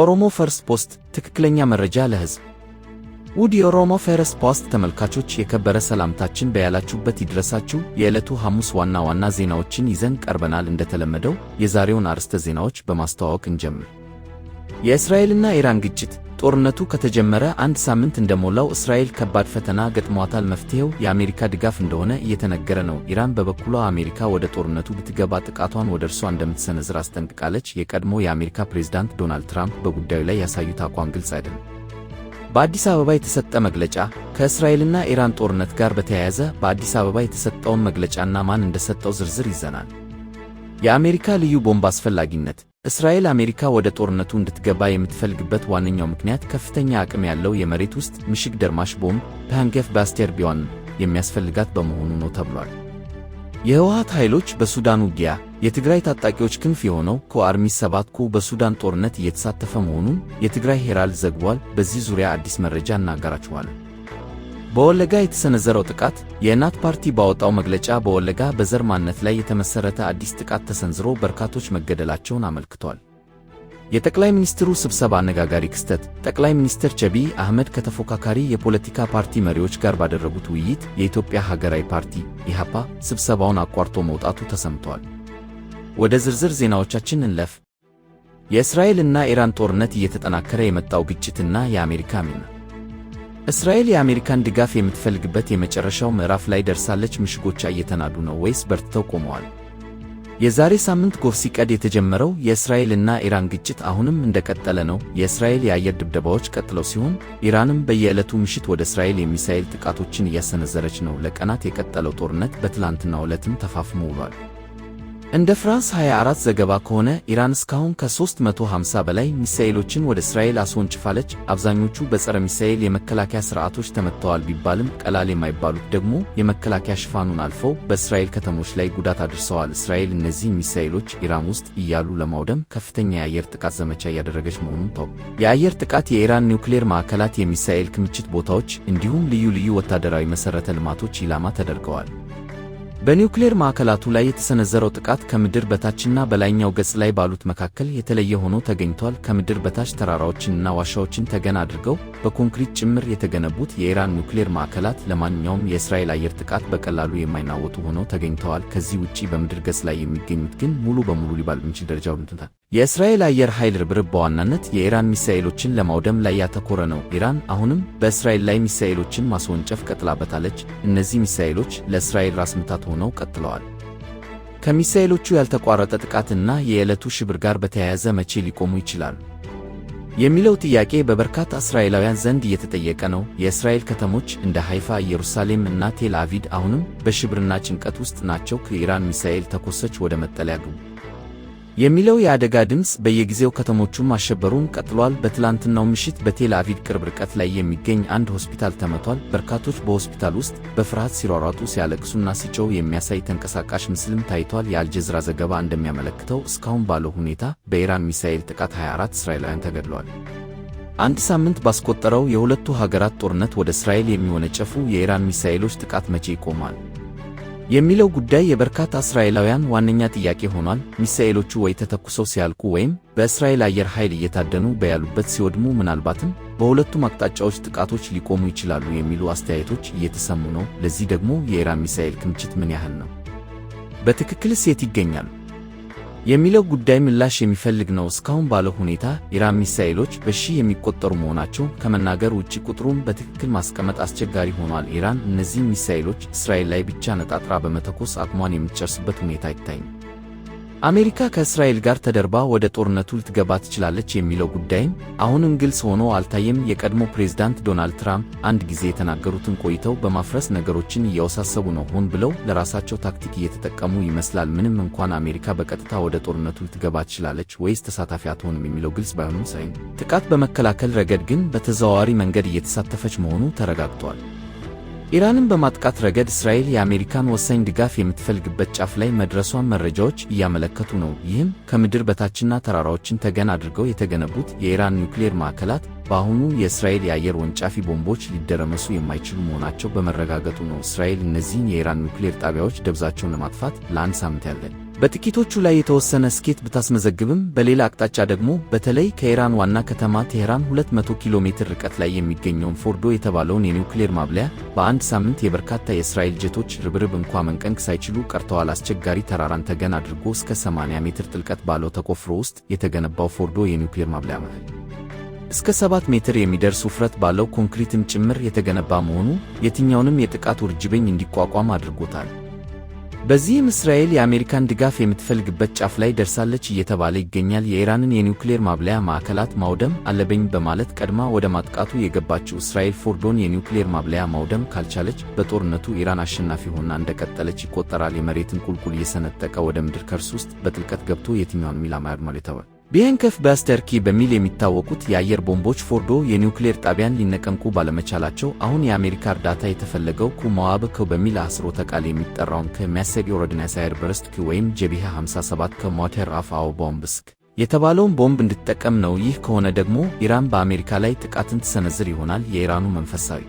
ኦሮሞ ፈርስት ፖስት ትክክለኛ መረጃ ለህዝብ ውድ የኦሮሞ ፈርስት ፖስት ተመልካቾች የከበረ ሰላምታችን በያላችሁበት ይድረሳችሁ። የዕለቱ ሐሙስ ዋና ዋና ዜናዎችን ይዘን ቀርበናል። እንደተለመደው የዛሬውን አርዕስተ ዜናዎች በማስተዋወቅ እንጀምር። የእስራኤልና ኢራን ግጭት ጦርነቱ ከተጀመረ አንድ ሳምንት እንደሞላው እስራኤል ከባድ ፈተና ገጥሟታል። መፍትሄው የአሜሪካ ድጋፍ እንደሆነ እየተነገረ ነው። ኢራን በበኩሏ አሜሪካ ወደ ጦርነቱ ብትገባ ጥቃቷን ወደ እርሷ እንደምትሰነዝር አስጠንቅቃለች። የቀድሞ የአሜሪካ ፕሬዝዳንት ዶናልድ ትራምፕ በጉዳዩ ላይ ያሳዩት አቋም ግልጽ አይደለም። በአዲስ አበባ የተሰጠ መግለጫ ከእስራኤልና ኢራን ጦርነት ጋር በተያያዘ በአዲስ አበባ የተሰጠውን መግለጫና ማን እንደሰጠው ዝርዝር ይዘናል። የአሜሪካ ልዩ ቦምብ አስፈላጊነት እስራኤል አሜሪካ ወደ ጦርነቱ እንድትገባ የምትፈልግበት ዋነኛው ምክንያት ከፍተኛ አቅም ያለው የመሬት ውስጥ ምሽግ ደርማሽ ቦምብ ፓንገፍ ባስቴር ቢዋን የሚያስፈልጋት በመሆኑ ነው ተብሏል። የህወሓት ኃይሎች በሱዳን ውጊያ የትግራይ ታጣቂዎች ክንፍ የሆነው ኮአርሚ ሰባት በሱዳን ጦርነት እየተሳተፈ መሆኑን የትግራይ ሄራልድ ዘግቧል። በዚህ ዙሪያ አዲስ መረጃ እናጋራችኋለን። በወለጋ የተሰነዘረው ጥቃት የእናት ፓርቲ ባወጣው መግለጫ በወለጋ በዘር ማንነት ላይ የተመሠረተ አዲስ ጥቃት ተሰንዝሮ በርካቶች መገደላቸውን አመልክቷል። የጠቅላይ ሚኒስትሩ ስብሰባ አነጋጋሪ ክስተት ጠቅላይ ሚኒስትር ዐቢይ አህመድ ከተፎካካሪ የፖለቲካ ፓርቲ መሪዎች ጋር ባደረጉት ውይይት የኢትዮጵያ ሀገራዊ ፓርቲ ኢሕአፓ ስብሰባውን አቋርጦ መውጣቱ ተሰምቷል። ወደ ዝርዝር ዜናዎቻችን እንለፍ። የእስራኤልና ኢራን ጦርነት እየተጠናከረ የመጣው ግጭትና የአሜሪካ ሚና እስራኤል የአሜሪካን ድጋፍ የምትፈልግበት የመጨረሻው ምዕራፍ ላይ ደርሳለች። ምሽጎቿ እየተናዱ ነው ወይስ በርትተው ቆመዋል? የዛሬ ሳምንት ጎህ ሲቀድ የተጀመረው የእስራኤልና ኢራን ግጭት አሁንም እንደቀጠለ ነው። የእስራኤል የአየር ድብደባዎች ቀጥለው ሲሆን ኢራንም በየዕለቱ ምሽት ወደ እስራኤል የሚሳኤል ጥቃቶችን እያሰነዘረች ነው። ለቀናት የቀጠለው ጦርነት በትላንትናው ዕለትም ተፋፍሞ ውሏል። እንደ ፍራንስ 24 ዘገባ ከሆነ ኢራን እስካሁን ከ350 በላይ ሚሳኤሎችን ወደ እስራኤል አስወንጭፋለች። አብዛኞቹ በጸረ ሚሳኤል የመከላከያ ስርዓቶች ተመትተዋል ቢባልም ቀላል የማይባሉት ደግሞ የመከላከያ ሽፋኑን አልፈው በእስራኤል ከተሞች ላይ ጉዳት አድርሰዋል። እስራኤል እነዚህ ሚሳኤሎች ኢራን ውስጥ እያሉ ለማውደም ከፍተኛ የአየር ጥቃት ዘመቻ እያደረገች መሆኑን ታው የአየር ጥቃት የኢራን ኒውክሌር ማዕከላት፣ የሚሳኤል ክምችት ቦታዎች እንዲሁም ልዩ ልዩ ወታደራዊ መሠረተ ልማቶች ኢላማ ተደርገዋል። በኒውክሌር ማዕከላቱ ላይ የተሰነዘረው ጥቃት ከምድር በታችና በላይኛው ገጽ ላይ ባሉት መካከል የተለየ ሆኖ ተገኝቷል። ከምድር በታች ተራራዎችንና ዋሻዎችን ተገና አድርገው በኮንክሪት ጭምር የተገነቡት የኢራን ኒውክሌር ማዕከላት ለማንኛውም የእስራኤል አየር ጥቃት በቀላሉ የማይናወጡ ሆነው ተገኝተዋል። ከዚህ ውጪ በምድር ገጽ ላይ የሚገኙት ግን ሙሉ በሙሉ ሊባል የሚችል ደረጃ የእስራኤል አየር ኃይል ርብርብ በዋናነት የኢራን ሚሳኤሎችን ለማውደም ላይ ያተኮረ ነው። ኢራን አሁንም በእስራኤል ላይ ሚሳኤሎችን ማስወንጨፍ ቀጥላበታለች። እነዚህ ሚሳኤሎች ለእስራኤል ራስ ምታት ሆነው ቀጥለዋል። ከሚሳኤሎቹ ያልተቋረጠ ጥቃትና የዕለቱ ሽብር ጋር በተያያዘ መቼ ሊቆሙ ይችላል። የሚለው ጥያቄ በበርካታ እስራኤላውያን ዘንድ እየተጠየቀ ነው። የእስራኤል ከተሞች እንደ ሃይፋ፣ ኢየሩሳሌም እና ቴል አሁንም በሽብርና ጭንቀት ውስጥ ናቸው። ከኢራን ሚሳኤል ተኮሰች ወደ መጠለያ ግቡ የሚለው የአደጋ ድምፅ በየጊዜው ከተሞቹን ማሸበሩን ቀጥሏል። በትላንትናው ምሽት በቴል አቪቭ ቅርብ ርቀት ላይ የሚገኝ አንድ ሆስፒታል ተመቷል። በርካቶች በሆስፒታል ውስጥ በፍርሃት ሲሯሯጡ፣ ሲያለቅሱና ሲጮሁ የሚያሳይ ተንቀሳቃሽ ምስልም ታይቷል። የአልጀዝራ ዘገባ እንደሚያመለክተው እስካሁን ባለው ሁኔታ በኢራን ሚሳኤል ጥቃት 24 እስራኤላውያን ተገድለዋል። አንድ ሳምንት ባስቆጠረው የሁለቱ ሀገራት ጦርነት ወደ እስራኤል የሚወነጨፉ የኢራን ሚሳኤሎች ጥቃት መቼ ይቆማል? የሚለው ጉዳይ የበርካታ እስራኤላውያን ዋነኛ ጥያቄ ሆኗል። ሚሳኤሎቹ ወይ ተተኩሰው ሲያልቁ ወይም በእስራኤል አየር ኃይል እየታደኑ በያሉበት ሲወድሙ፣ ምናልባትም በሁለቱም አቅጣጫዎች ጥቃቶች ሊቆሙ ይችላሉ የሚሉ አስተያየቶች እየተሰሙ ነው። ለዚህ ደግሞ የኢራን ሚሳኤል ክምችት ምን ያህል ነው? በትክክልስ የት ይገኛሉ? የሚለው ጉዳይ ምላሽ የሚፈልግ ነው። እስካሁን ባለው ሁኔታ ኢራን ሚሳኤሎች በሺህ የሚቆጠሩ መሆናቸውን ከመናገር ውጭ ቁጥሩን በትክክል ማስቀመጥ አስቸጋሪ ሆኗል። ኢራን እነዚህን ሚሳኤሎች እስራኤል ላይ ብቻ ነጣጥራ በመተኮስ አቅሟን የምትጨርስበት ሁኔታ አይታይም። አሜሪካ ከእስራኤል ጋር ተደርባ ወደ ጦርነቱ ልትገባ ትችላለች የሚለው ጉዳይም አሁንም ግልጽ ሆኖ አልታየም። የቀድሞ ፕሬዝዳንት ዶናልድ ትራምፕ አንድ ጊዜ የተናገሩትን ቆይተው በማፍረስ ነገሮችን እያወሳሰቡ ነው። ሆን ብለው ለራሳቸው ታክቲክ እየተጠቀሙ ይመስላል። ምንም እንኳን አሜሪካ በቀጥታ ወደ ጦርነቱ ልትገባ ትችላለች ወይስ ተሳታፊ አትሆንም የሚለው ግልጽ ባይሆኑም ሳይም ጥቃት በመከላከል ረገድ ግን በተዘዋዋሪ መንገድ እየተሳተፈች መሆኑ ተረጋግጧል። ኢራንን በማጥቃት ረገድ እስራኤል የአሜሪካን ወሳኝ ድጋፍ የምትፈልግበት ጫፍ ላይ መድረሷን መረጃዎች እያመለከቱ ነው። ይህም ከምድር በታችና ተራራዎችን ተገን አድርገው የተገነቡት የኢራን ኒውክሌር ማዕከላት በአሁኑ የእስራኤል የአየር ወንጫፊ ቦምቦች ሊደረመሱ የማይችሉ መሆናቸው በመረጋገጡ ነው። እስራኤል እነዚህን የኢራን ኒውክሌር ጣቢያዎች ደብዛቸውን ለማጥፋት ለአንድ ሳምንት ያለን በጥቂቶቹ ላይ የተወሰነ ስኬት ብታስመዘግብም በሌላ አቅጣጫ ደግሞ በተለይ ከኢራን ዋና ከተማ ቴህራን 200 ኪሎ ሜትር ርቀት ላይ የሚገኘውን ፎርዶ የተባለውን የኒውክሌር ማብለያ በአንድ ሳምንት የበርካታ የእስራኤል ጀቶች ርብርብ እንኳ መንቀንቅ ሳይችሉ ቀርተዋል። አስቸጋሪ ተራራን ተገን አድርጎ እስከ 80 ሜትር ጥልቀት ባለው ተቆፍሮ ውስጥ የተገነባው ፎርዶ የኒውክሌር ማብለያ መሃል እስከ 7 ሜትር የሚደርስ ውፍረት ባለው ኮንክሪትም ጭምር የተገነባ መሆኑ የትኛውንም የጥቃት ውርጅብኝ እንዲቋቋም አድርጎታል። በዚህም እስራኤል የአሜሪካን ድጋፍ የምትፈልግበት ጫፍ ላይ ደርሳለች እየተባለ ይገኛል። የኢራንን የኒውክሌር ማብለያ ማዕከላት ማውደም አለብኝ በማለት ቀድማ ወደ ማጥቃቱ የገባችው እስራኤል ፎርዶን የኒውክሌር ማብለያ ማውደም ካልቻለች በጦርነቱ ኢራን አሸናፊ ሆና እንደቀጠለች ይቆጠራል። የመሬትን ቁልቁል እየሰነጠቀ ወደ ምድር ከርስ ውስጥ በጥልቀት ገብቶ የትኛውን ሚላ ማያድማል የተባል ቢሄንከፍ ባስተርኪ በሚል የሚታወቁት የአየር ቦምቦች ፎርዶ የኒውክሌር ጣቢያን ሊነቀንቁ ባለመቻላቸው አሁን የአሜሪካ እርዳታ የተፈለገው ኩ መዋብ በሚል አስሮተ ቃል የሚጠራውን ከሚያሰግ ኦርዲናንስ አይርበርስት ኪ ወይም ጀቢሃ 57 ከሞተር አፍ አው ቦምብስክ የተባለውን ቦምብ እንድትጠቀም ነው። ይህ ከሆነ ደግሞ ኢራን በአሜሪካ ላይ ጥቃትን ትሰነዝር ይሆናል። የኢራኑ መንፈሳዊ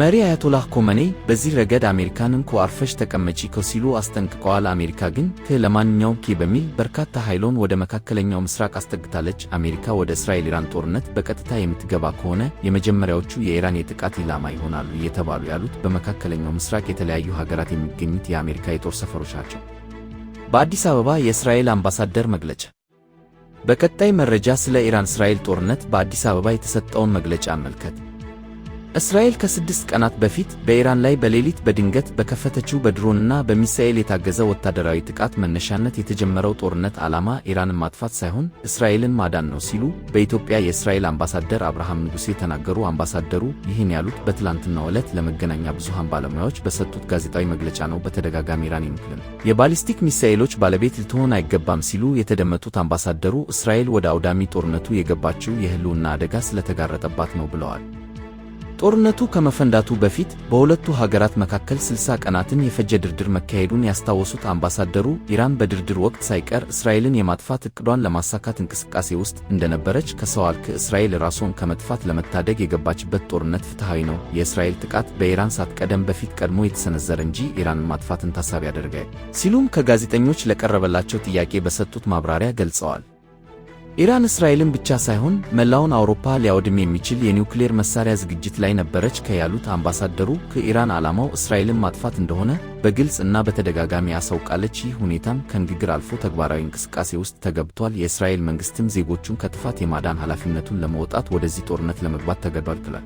መሪ አያቶላህ ኮመኔ በዚህ ረገድ አሜሪካን እንኳ አርፈሽ ተቀመጪ ከሲሉ አስጠንቅቀዋል። አሜሪካ ግን ክ ለማንኛውም ኬ በሚል በርካታ ኃይሎን ወደ መካከለኛው ምስራቅ አስጠግታለች። አሜሪካ ወደ እስራኤል ኢራን ጦርነት በቀጥታ የምትገባ ከሆነ የመጀመሪያዎቹ የኢራን የጥቃት ኢላማ ይሆናሉ እየተባሉ ያሉት በመካከለኛው ምስራቅ የተለያዩ ሀገራት የሚገኙት የአሜሪካ የጦር ሰፈሮች ናቸው። በአዲስ አበባ የእስራኤል አምባሳደር መግለጫ በቀጣይ መረጃ ስለ ኢራን እስራኤል ጦርነት በአዲስ አበባ የተሰጠውን መግለጫ አመልከት። እስራኤል ከስድስት ቀናት በፊት በኢራን ላይ በሌሊት በድንገት በከፈተችው በድሮንና በሚሳኤል የታገዘ ወታደራዊ ጥቃት መነሻነት የተጀመረው ጦርነት ዓላማ ኢራንን ማጥፋት ሳይሆን እስራኤልን ማዳን ነው ሲሉ በኢትዮጵያ የእስራኤል አምባሳደር አብርሃም ንጉሴ ተናገሩ። አምባሳደሩ ይህን ያሉት በትላንትናው ዕለት ለመገናኛ ብዙሃን ባለሙያዎች በሰጡት ጋዜጣዊ መግለጫ ነው። በተደጋጋሚ ኢራን ይምክልን የባሊስቲክ ሚሳኤሎች ባለቤት ልትሆን አይገባም ሲሉ የተደመጡት አምባሳደሩ እስራኤል ወደ አውዳሚ ጦርነቱ የገባችው የህልውና አደጋ ስለተጋረጠባት ነው ብለዋል። ጦርነቱ ከመፈንዳቱ በፊት በሁለቱ ሀገራት መካከል 60 ቀናትን የፈጀ ድርድር መካሄዱን ያስታወሱት አምባሳደሩ ኢራን በድርድር ወቅት ሳይቀር እስራኤልን የማጥፋት እቅዷን ለማሳካት እንቅስቃሴ ውስጥ እንደነበረች ከሰው አልክ እስራኤል ራሷን ከመጥፋት ለመታደግ የገባችበት ጦርነት ፍትሐዊ ነው፣ የእስራኤል ጥቃት በኢራን ሳትቀደም በፊት ቀድሞ የተሰነዘረ እንጂ ኢራንን ማጥፋትን ታሳቢ ያደርጋል ሲሉም ከጋዜጠኞች ለቀረበላቸው ጥያቄ በሰጡት ማብራሪያ ገልጸዋል። ኢራን እስራኤልን ብቻ ሳይሆን መላውን አውሮፓ ሊያወድም የሚችል የኒውክሌር መሳሪያ ዝግጅት ላይ ነበረች ከያሉት አምባሳደሩ ከኢራን ዓላማው እስራኤልን ማጥፋት እንደሆነ በግልጽ እና በተደጋጋሚ አሳውቃለች። ይህ ሁኔታም ከንግግር አልፎ ተግባራዊ እንቅስቃሴ ውስጥ ተገብቷል። የእስራኤል መንግስትም ዜጎቹን ከጥፋት የማዳን ኃላፊነቱን ለመውጣት ወደዚህ ጦርነት ለመግባት ተገዷል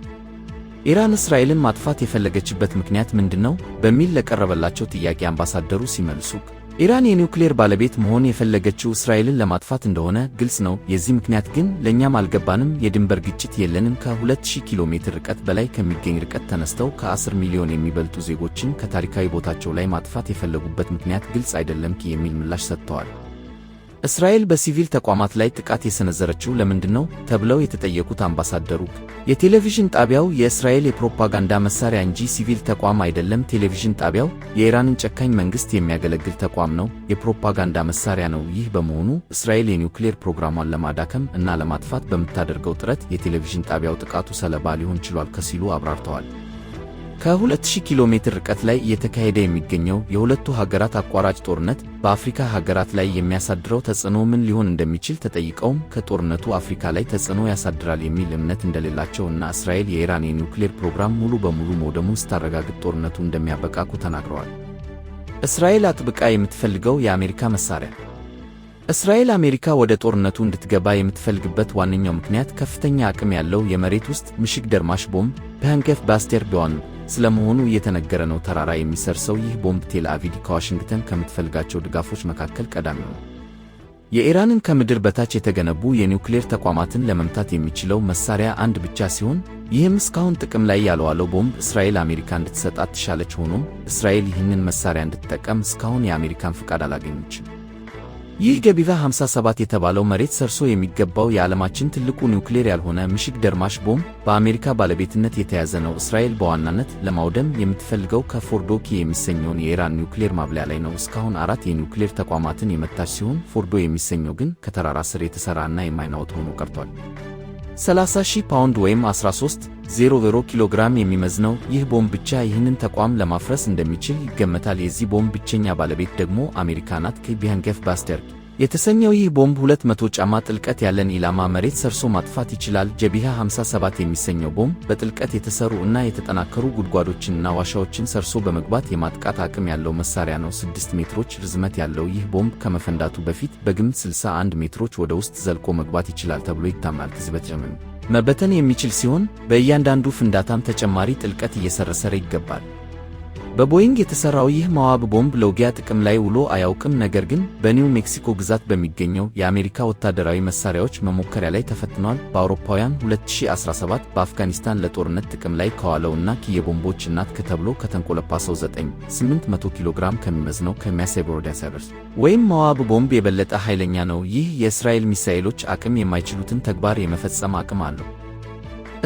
ኢራን እስራኤልን ማጥፋት የፈለገችበት ምክንያት ምንድን ነው? በሚል ለቀረበላቸው ጥያቄ አምባሳደሩ ሲመልሱ ኢራን የኒውክሌር ባለቤት መሆን የፈለገችው እስራኤልን ለማጥፋት እንደሆነ ግልጽ ነው። የዚህ ምክንያት ግን ለእኛም አልገባንም። የድንበር ግጭት የለንም። ከ2000 ኪሎ ሜትር ርቀት በላይ ከሚገኝ ርቀት ተነስተው ከ10 ሚሊዮን የሚበልጡ ዜጎችን ከታሪካዊ ቦታቸው ላይ ማጥፋት የፈለጉበት ምክንያት ግልጽ አይደለም የሚል ምላሽ ሰጥተዋል። እስራኤል በሲቪል ተቋማት ላይ ጥቃት የሰነዘረችው ለምንድን ነው ተብለው የተጠየቁት አምባሳደሩ የቴሌቪዥን ጣቢያው የእስራኤል የፕሮፓጋንዳ መሳሪያ እንጂ ሲቪል ተቋም አይደለም። ቴሌቪዥን ጣቢያው የኢራንን ጨካኝ መንግሥት የሚያገለግል ተቋም ነው፣ የፕሮፓጋንዳ መሳሪያ ነው። ይህ በመሆኑ እስራኤል የኒውክሌር ፕሮግራሟን ለማዳከም እና ለማጥፋት በምታደርገው ጥረት የቴሌቪዥን ጣቢያው ጥቃቱ ሰለባ ሊሆን ችሏል ከሲሉ አብራርተዋል። ከ2000 ኪሎ ሜትር ርቀት ላይ እየተካሄደ የሚገኘው የሁለቱ ሀገራት አቋራጭ ጦርነት በአፍሪካ ሀገራት ላይ የሚያሳድረው ተጽዕኖ ምን ሊሆን እንደሚችል ተጠይቀውም ከጦርነቱ አፍሪካ ላይ ተጽዕኖ ያሳድራል የሚል እምነት እንደሌላቸው እና እስራኤል የኢራን የኒውክሌር ፕሮግራም ሙሉ በሙሉ መውደሙን ስታረጋግጥ ጦርነቱ እንደሚያበቃኩ ተናግረዋል። እስራኤል አጥብቃ የምትፈልገው የአሜሪካ መሳሪያ እስራኤል አሜሪካ ወደ ጦርነቱ እንድትገባ የምትፈልግበት ዋነኛው ምክንያት ከፍተኛ አቅም ያለው የመሬት ውስጥ ምሽግ ደርማሽ ቦምብ በህንከፍ ባስቴር ቢዋን ስለመሆኑ እየተነገረ ነው። ተራራ የሚሰርሰው ይህ ቦምብ ቴል አቪቭ ከዋሽንግተን ከምትፈልጋቸው ድጋፎች መካከል ቀዳሚ ነው። የኢራንን ከምድር በታች የተገነቡ የኒውክሌር ተቋማትን ለመምታት የሚችለው መሳሪያ አንድ ብቻ ሲሆን ይህም እስካሁን ጥቅም ላይ ያልዋለው ቦምብ እስራኤል አሜሪካ እንድትሰጣት ትሻለች። ሆኖም እስራኤል ይህንን መሳሪያ እንድትጠቀም እስካሁን የአሜሪካን ፍቃድ አላገኘችም። ይህ ገቢቫ 57 የተባለው መሬት ሰርሶ የሚገባው የዓለማችን ትልቁ ኒውክሌር ያልሆነ ምሽግ ደርማሽ ቦምብ በአሜሪካ ባለቤትነት የተያዘ ነው። እስራኤል በዋናነት ለማውደም የምትፈልገው ከፎርዶ የሚሰኘውን የኢራን ኒውክሌር ማብላያ ላይ ነው። እስካሁን አራት የኒውክሌር ተቋማትን የመታች ሲሆን ፎርዶ የሚሰኘው ግን ከተራራ ስር የተሰራና የማይናወጥ ሆኖ ቀርቷል። 30,000 ፓውንድ ወይም 13,00 ኪሎ ግራም የሚመዝነው ይህ ቦምብ ብቻ ይህንን ተቋም ለማፍረስ እንደሚችል ይገመታል። የዚህ ቦምብ ብቸኛ ባለቤት ደግሞ አሜሪካ ናት። ከቢያንገፍ ባስደርግ የተሰኘው ይህ ቦምብ 200 ጫማ ጥልቀት ያለን ኢላማ መሬት ሰርሶ ማጥፋት ይችላል። ጀቢሃ 57 የሚሰኘው ቦምብ በጥልቀት የተሰሩ እና የተጠናከሩ ጉድጓዶችንና ዋሻዎችን ሰርሶ በመግባት የማጥቃት አቅም ያለው መሳሪያ ነው። 6 ሜትሮች ርዝመት ያለው ይህ ቦምብ ከመፈንዳቱ በፊት በግምት 61 ሜትሮች ወደ ውስጥ ዘልቆ መግባት ይችላል ተብሎ ይታመናል። ትዝበትጀምም መበተን የሚችል ሲሆን በእያንዳንዱ ፍንዳታም ተጨማሪ ጥልቀት እየሰረሰረ ይገባል። በቦይንግ የተሠራው ይህ መዋብ ቦምብ ለውጊያ ጥቅም ላይ ውሎ አያውቅም። ነገር ግን በኒው ሜክሲኮ ግዛት በሚገኘው የአሜሪካ ወታደራዊ መሳሪያዎች መሞከሪያ ላይ ተፈትኗል። በአውሮፓውያን 2017 በአፍጋኒስታን ለጦርነት ጥቅም ላይ ከዋለውና የቦምቦች እናት ከተብሎ ከተንቆለጳሰው 9800 ኪሎ ግራም ከሚመዝነው ከሚያሴብሮዳሳርስ ወይም መዋብ ቦምብ የበለጠ ኃይለኛ ነው። ይህ የእስራኤል ሚሳኤሎች አቅም የማይችሉትን ተግባር የመፈጸም አቅም አለው።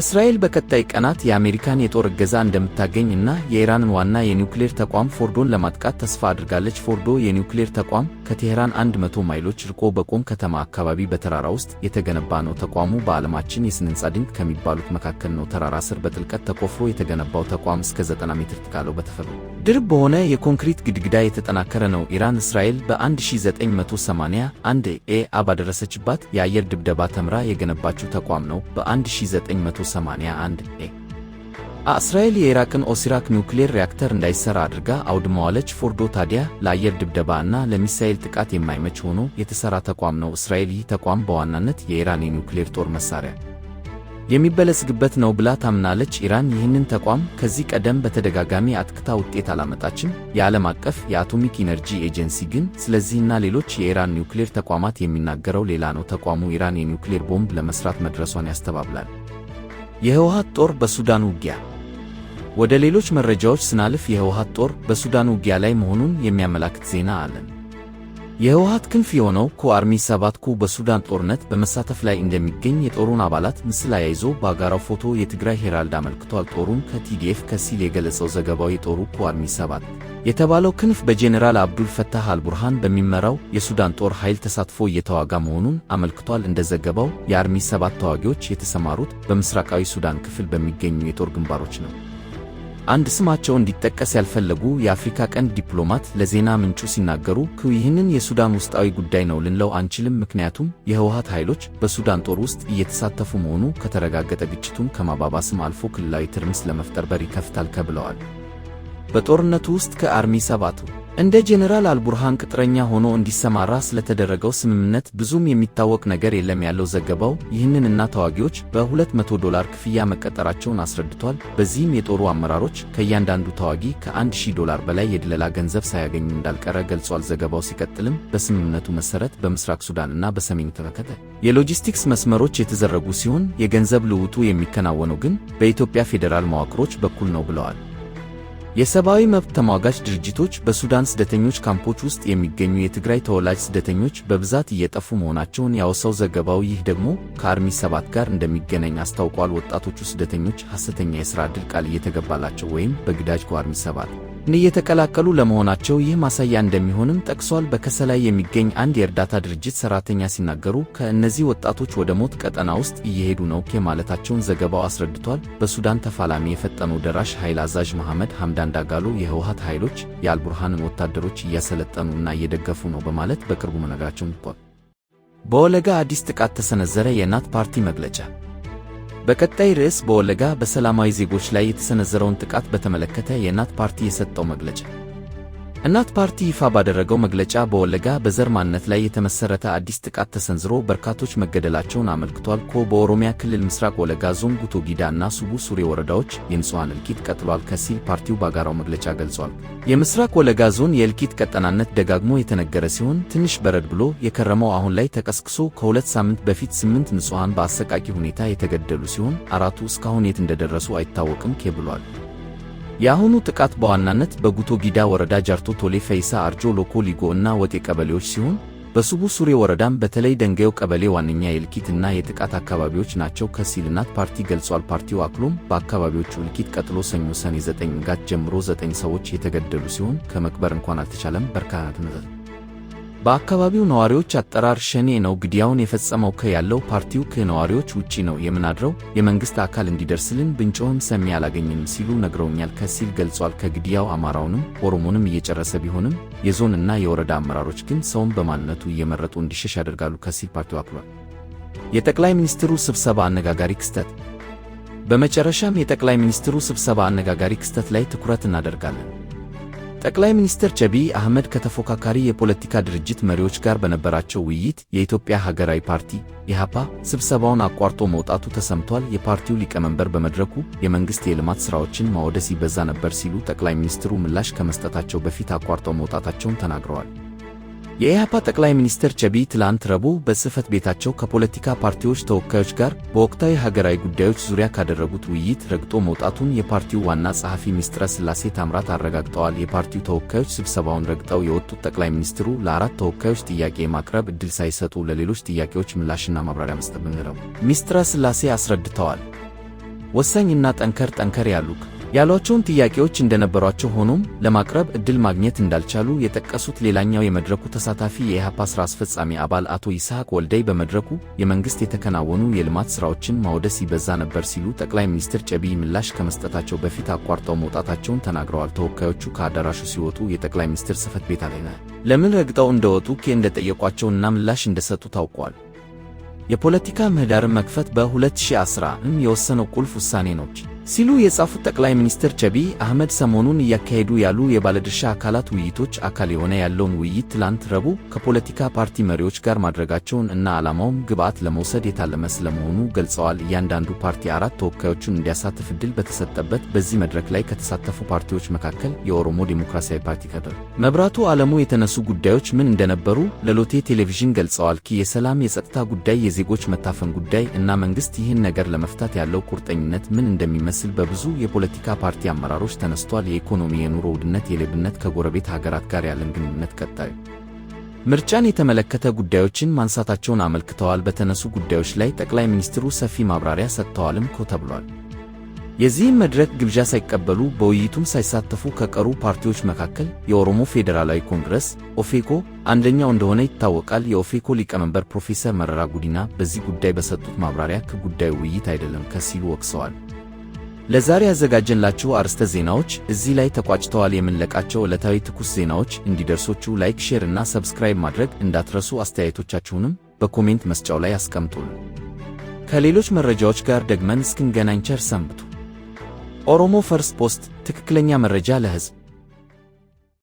እስራኤል በቀጣይ ቀናት የአሜሪካን የጦር እገዛ እንደምታገኝ እና የኢራንን ዋና የኒውክሌር ተቋም ፎርዶን ለማጥቃት ተስፋ አድርጋለች። ፎርዶ የኒውክሌር ተቋም ከቴሄራን 100 ማይሎች ርቆ በቆም ከተማ አካባቢ በተራራ ውስጥ የተገነባ ነው። ተቋሙ በዓለማችን የሥነ ሕንፃ ድንቅ ከሚባሉት መካከል ነው። ተራራ ስር በጥልቀት ተቆፍሮ የተገነባው ተቋም እስከ 90 ሜትር ካለው በተፈሩ ድርብ በሆነ የኮንክሪት ግድግዳ የተጠናከረ ነው። ኢራን እስራኤል በ1981 ኤ አ ባደረሰችባት የአየር ድብደባ ተምራ የገነባችው ተቋም ነው። በ1980 1981 ኤ እስራኤል የኢራቅን ኦሲራክ ኒውክሌር ሪያክተር እንዳይሠራ አድርጋ አውድመዋለች። ፎርዶ ታዲያ ለአየር ድብደባ እና ለሚሳኤል ጥቃት የማይመች ሆኖ የተሠራ ተቋም ነው። እስራኤል ይህ ተቋም በዋናነት የኢራን የኒውክሌር ጦር መሣሪያ የሚበለጽግበት ነው ብላ ታምናለች። ኢራን ይህንን ተቋም ከዚህ ቀደም በተደጋጋሚ አጥክታ ውጤት አላመጣችም። የዓለም አቀፍ የአቶሚክ ኢነርጂ ኤጀንሲ ግን ስለዚህና ሌሎች የኢራን ኒውክሌር ተቋማት የሚናገረው ሌላ ነው። ተቋሙ ኢራን የኒውክሌር ቦምብ ለመሥራት መድረሷን ያስተባብላል። የህወሓት ጦር በሱዳን ውጊያ። ወደ ሌሎች መረጃዎች ስናልፍ የህወሓት ጦር በሱዳን ውጊያ ላይ መሆኑን የሚያመላክት ዜና አለን። የህወሓት ክንፍ የሆነው ኮ አርሚ ሰባት ኮ በሱዳን ጦርነት በመሳተፍ ላይ እንደሚገኝ የጦሩን አባላት ምስል አያይዞ በአጋራው ፎቶ የትግራይ ሄራልድ አመልክቷል። ጦሩን ከቲዲኤፍ ከሲል የገለጸው ዘገባው የጦሩ ኮ አርሚ ሰባት የተባለው ክንፍ በጄኔራል አብዱል ፈታህ አልቡርሃን በሚመራው የሱዳን ጦር ኃይል ተሳትፎ እየተዋጋ መሆኑን አመልክቷል። እንደዘገባው የአርሚ ሰባት ተዋጊዎች የተሰማሩት በምስራቃዊ ሱዳን ክፍል በሚገኙ የጦር ግንባሮች ነው። አንድ ስማቸው እንዲጠቀስ ያልፈለጉ የአፍሪካ ቀንድ ዲፕሎማት ለዜና ምንጩ ሲናገሩ ክው ይህንን የሱዳን ውስጣዊ ጉዳይ ነው ልንለው አንችልም፣ ምክንያቱም የህወሀት ኃይሎች በሱዳን ጦር ውስጥ እየተሳተፉ መሆኑ ከተረጋገጠ ግጭቱን ከማባባስም አልፎ ክልላዊ ትርምስ ለመፍጠር በር ይከፍታል ከብለዋል። በጦርነቱ ውስጥ ከአርሚ ሰባቱ እንደ ጄኔራል አልቡርሃን ቅጥረኛ ሆኖ እንዲሰማራ ስለተደረገው ስምምነት ብዙም የሚታወቅ ነገር የለም ያለው ዘገባው። ይህንን እና ተዋጊዎች በ200 ዶላር ክፍያ መቀጠራቸውን አስረድቷል። በዚህም የጦሩ አመራሮች ከእያንዳንዱ ተዋጊ ከ1000 ዶላር በላይ የድለላ ገንዘብ ሳያገኙ እንዳልቀረ ገልጿል። ዘገባው ሲቀጥልም በስምምነቱ መሰረት በምስራቅ ሱዳን እና በሰሜን ተመከተ የሎጂስቲክስ መስመሮች የተዘረጉ ሲሆን የገንዘብ ልውጡ የሚከናወነው ግን በኢትዮጵያ ፌዴራል መዋቅሮች በኩል ነው ብለዋል። የሰብአዊ መብት ተሟጋች ድርጅቶች በሱዳን ስደተኞች ካምፖች ውስጥ የሚገኙ የትግራይ ተወላጅ ስደተኞች በብዛት እየጠፉ መሆናቸውን ያወሳው ዘገባው ይህ ደግሞ ከአርሚ ሰባት ጋር እንደሚገናኝ አስታውቋል። ወጣቶቹ ስደተኞች ሐሰተኛ የሥራ ዕድል ቃል እየተገባላቸው ወይም በግዳጅ ከአርሚ ሰባት እየተቀላቀሉ ለመሆናቸው ይህ ማሳያ እንደሚሆንም ጠቅሷል። ላይ የሚገኝ አንድ የእርዳታ ድርጅት ሰራተኛ ሲናገሩ ከእነዚህ ወጣቶች ወደ ሞት ቀጠና ውስጥ እየሄዱ ነው ማለታቸውን ዘገባው አስረድቷል። በሱዳን ተፋላሚ የፈጠነው ደራሽ ኃይል አዛዥ መሐመድ ሐምዳን ዳጋሎ የህውሃት ኃይሎች የአልቡርሃንን ወታደሮች እያሰለጠኑ እና እየደገፉ ነው በማለት በቅርቡ መናገራቸውን ቋል። በወለጋ አዲስ ጥቃት ተሰነዘረ። የእናት ፓርቲ መግለጫ በቀጣይ ርዕስ በወለጋ በሰላማዊ ዜጎች ላይ የተሰነዘረውን ጥቃት በተመለከተ የእናት ፓርቲ የሰጠው መግለጫ እናት ፓርቲ ይፋ ባደረገው መግለጫ በወለጋ በዘር ማንነት ላይ የተመሰረተ አዲስ ጥቃት ተሰንዝሮ በርካቶች መገደላቸውን አመልክቷል። ኮ በኦሮሚያ ክልል ምስራቅ ወለጋ ዞን ጉቶ ጊዳ እና ሱቡ ሱሬ ወረዳዎች የንጹሐን እልቂት ቀጥሏል ከሲል ፓርቲው ባጋራው መግለጫ ገልጿል። የምስራቅ ወለጋ ዞን የእልቂት ቀጠናነት ደጋግሞ የተነገረ ሲሆን ትንሽ በረድ ብሎ የከረመው አሁን ላይ ተቀስቅሶ ከሁለት ሳምንት በፊት ስምንት ንጹሐን በአሰቃቂ ሁኔታ የተገደሉ ሲሆን አራቱ እስካሁን የት እንደደረሱ አይታወቅም ብሏል። የአሁኑ ጥቃት በዋናነት በጉቶ ጊዳ ወረዳ ጃርቶ ቶሌ፣ ፈይሳ፣ አርጆ፣ ሎኮ ሊጎ እና ወጤ ቀበሌዎች ሲሆን በሱቡ ሱሬ ወረዳም በተለይ ደንጋዩ ቀበሌ ዋነኛ የእልኪት እና የጥቃት አካባቢዎች ናቸው ከሲል እናት ፓርቲ ገልጿል። ፓርቲው አክሎም በአካባቢዎቹ እልኪት ቀጥሎ ሰኞ ሰኔ 9 ጋት ጀምሮ 9 ሰዎች የተገደሉ ሲሆን ከመቅበር እንኳን አልተቻለም በርካታ በአካባቢው ነዋሪዎች አጠራር ሸኔ ነው። ግድያውን የፈጸመው ከ ያለው ፓርቲው ከነዋሪዎች ውጪ ነው የምናድረው፣ የመንግስት አካል እንዲደርስልን ብንጮህም ሰሚ አላገኘንም ሲሉ ነግረውኛል ከሲል ገልጿል። ከግድያው አማራውንም ኦሮሞንም እየጨረሰ ቢሆንም የዞን እና የወረዳ አመራሮች ግን ሰውን በማንነቱ እየመረጡ እንዲሸሽ ያደርጋሉ ከሲል ፓርቲው አክሏል። የጠቅላይ ሚኒስትሩ ስብሰባ አነጋጋሪ ክስተት። በመጨረሻም የጠቅላይ ሚኒስትሩ ስብሰባ አነጋጋሪ ክስተት ላይ ትኩረት እናደርጋለን። ጠቅላይ ሚኒስትር ዐቢይ አህመድ ከተፎካካሪ የፖለቲካ ድርጅት መሪዎች ጋር በነበራቸው ውይይት የኢትዮጵያ ሀገራዊ ፓርቲ ኢሕአፓ ስብሰባውን አቋርጦ መውጣቱ ተሰምቷል። የፓርቲው ሊቀመንበር በመድረኩ የመንግሥት የልማት ሥራዎችን ማወደስ ይበዛ ነበር ሲሉ ጠቅላይ ሚኒስትሩ ምላሽ ከመስጠታቸው በፊት አቋርጠው መውጣታቸውን ተናግረዋል። የኢህአፓ ጠቅላይ ሚኒስትር ዐቢይ ትላንት ረቡዕ በጽሕፈት ቤታቸው ከፖለቲካ ፓርቲዎች ተወካዮች ጋር በወቅታዊ ሀገራዊ ጉዳዮች ዙሪያ ካደረጉት ውይይት ረግጦ መውጣቱን የፓርቲው ዋና ጸሐፊ ምስጥረ ሥላሴ ታምራት አረጋግጠዋል። የፓርቲው ተወካዮች ስብሰባውን ረግጠው የወጡት ጠቅላይ ሚኒስትሩ ለአራት ተወካዮች ጥያቄ ማቅረብ ዕድል ሳይሰጡ ለሌሎች ጥያቄዎች ምላሽና ማብራሪያ መስጠት ምንለው ምስጥረ ሥላሴ አስረድተዋል። ወሳኝና ጠንከር ጠንከር ያሉክ ያሏቸውን ጥያቄዎች እንደነበሯቸው ሆኖም ለማቅረብ ዕድል ማግኘት እንዳልቻሉ የጠቀሱት ሌላኛው የመድረኩ ተሳታፊ የኢሕአፓ ሥራ አስፈጻሚ አባል አቶ ይስሐቅ ወልደይ በመድረኩ የመንግሥት የተከናወኑ የልማት ሥራዎችን ማወደስ ይበዛ ነበር ሲሉ ጠቅላይ ሚኒስትር ዐቢይ ምላሽ ከመስጠታቸው በፊት አቋርጠው መውጣታቸውን ተናግረዋል። ተወካዮቹ ከአዳራሹ ሲወጡ የጠቅላይ ሚኒስትር ጽሕፈት ቤት ኃላፊ ለምን ረግጠው እንደወጡ እንደጠየቋቸውና ምላሽ እንደሰጡ ታውቋል። የፖለቲካ ምህዳርን መክፈት በ2010 የወሰነው ቁልፍ ውሳኔ ነው። ሲሉ የጻፉት ጠቅላይ ሚኒስትር ቸቢ አህመድ ሰሞኑን እያካሄዱ ያሉ የባለድርሻ አካላት ውይይቶች አካል የሆነ ያለውን ውይይት ትላንት ረቡዕ ከፖለቲካ ፓርቲ መሪዎች ጋር ማድረጋቸውን እና ዓላማውም ግብዓት ለመውሰድ የታለመ ስለመሆኑ ገልጸዋል። እያንዳንዱ ፓርቲ አራት ተወካዮቹን እንዲያሳትፍ ዕድል በተሰጠበት በዚህ መድረክ ላይ ከተሳተፉ ፓርቲዎች መካከል የኦሮሞ ዴሞክራሲያዊ ፓርቲ መብራቱ ዓለሙ የተነሱ ጉዳዮች ምን እንደነበሩ ለሎቴ ቴሌቪዥን ገልጸዋል። ኪ የሰላም የጸጥታ ጉዳይ፣ የዜጎች መታፈን ጉዳይ እና መንግስት ይህን ነገር ለመፍታት ያለው ቁርጠኝነት ምን እንደሚመስል የሚመስል በብዙ የፖለቲካ ፓርቲ አመራሮች ተነስቷል። የኢኮኖሚ፣ የኑሮ ውድነት፣ የሌብነት፣ ከጎረቤት ሀገራት ጋር ያለን ግንኙነት፣ ቀጣዩ ምርጫን የተመለከተ ጉዳዮችን ማንሳታቸውን አመልክተዋል። በተነሱ ጉዳዮች ላይ ጠቅላይ ሚኒስትሩ ሰፊ ማብራሪያ ሰጥተዋልም ኮ ተብሏል። የዚህም መድረክ ግብዣ ሳይቀበሉ በውይይቱም ሳይሳተፉ ከቀሩ ፓርቲዎች መካከል የኦሮሞ ፌዴራላዊ ኮንግረስ ኦፌኮ አንደኛው እንደሆነ ይታወቃል። የኦፌኮ ሊቀመንበር ፕሮፌሰር መረራ ጉዲና በዚህ ጉዳይ በሰጡት ማብራሪያ ከጉዳዩ ውይይት አይደለም ከሲሉ ወቅሰዋል። ለዛሬ ያዘጋጀንላችሁ አርዕስተ ዜናዎች እዚህ ላይ ተቋጭተዋል። የምንለቃቸው ዕለታዊ ትኩስ ዜናዎች እንዲደርሶችሁ ላይክ፣ ሼር እና ሰብስክራይብ ማድረግ እንዳትረሱ። አስተያየቶቻችሁንም በኮሜንት መስጫው ላይ አስቀምጡን። ከሌሎች መረጃዎች ጋር ደግመን እስክንገናኝ ቸር ሰንብቱ። ኦሮሞ ፈርስት ፖስት ትክክለኛ መረጃ ለሕዝብ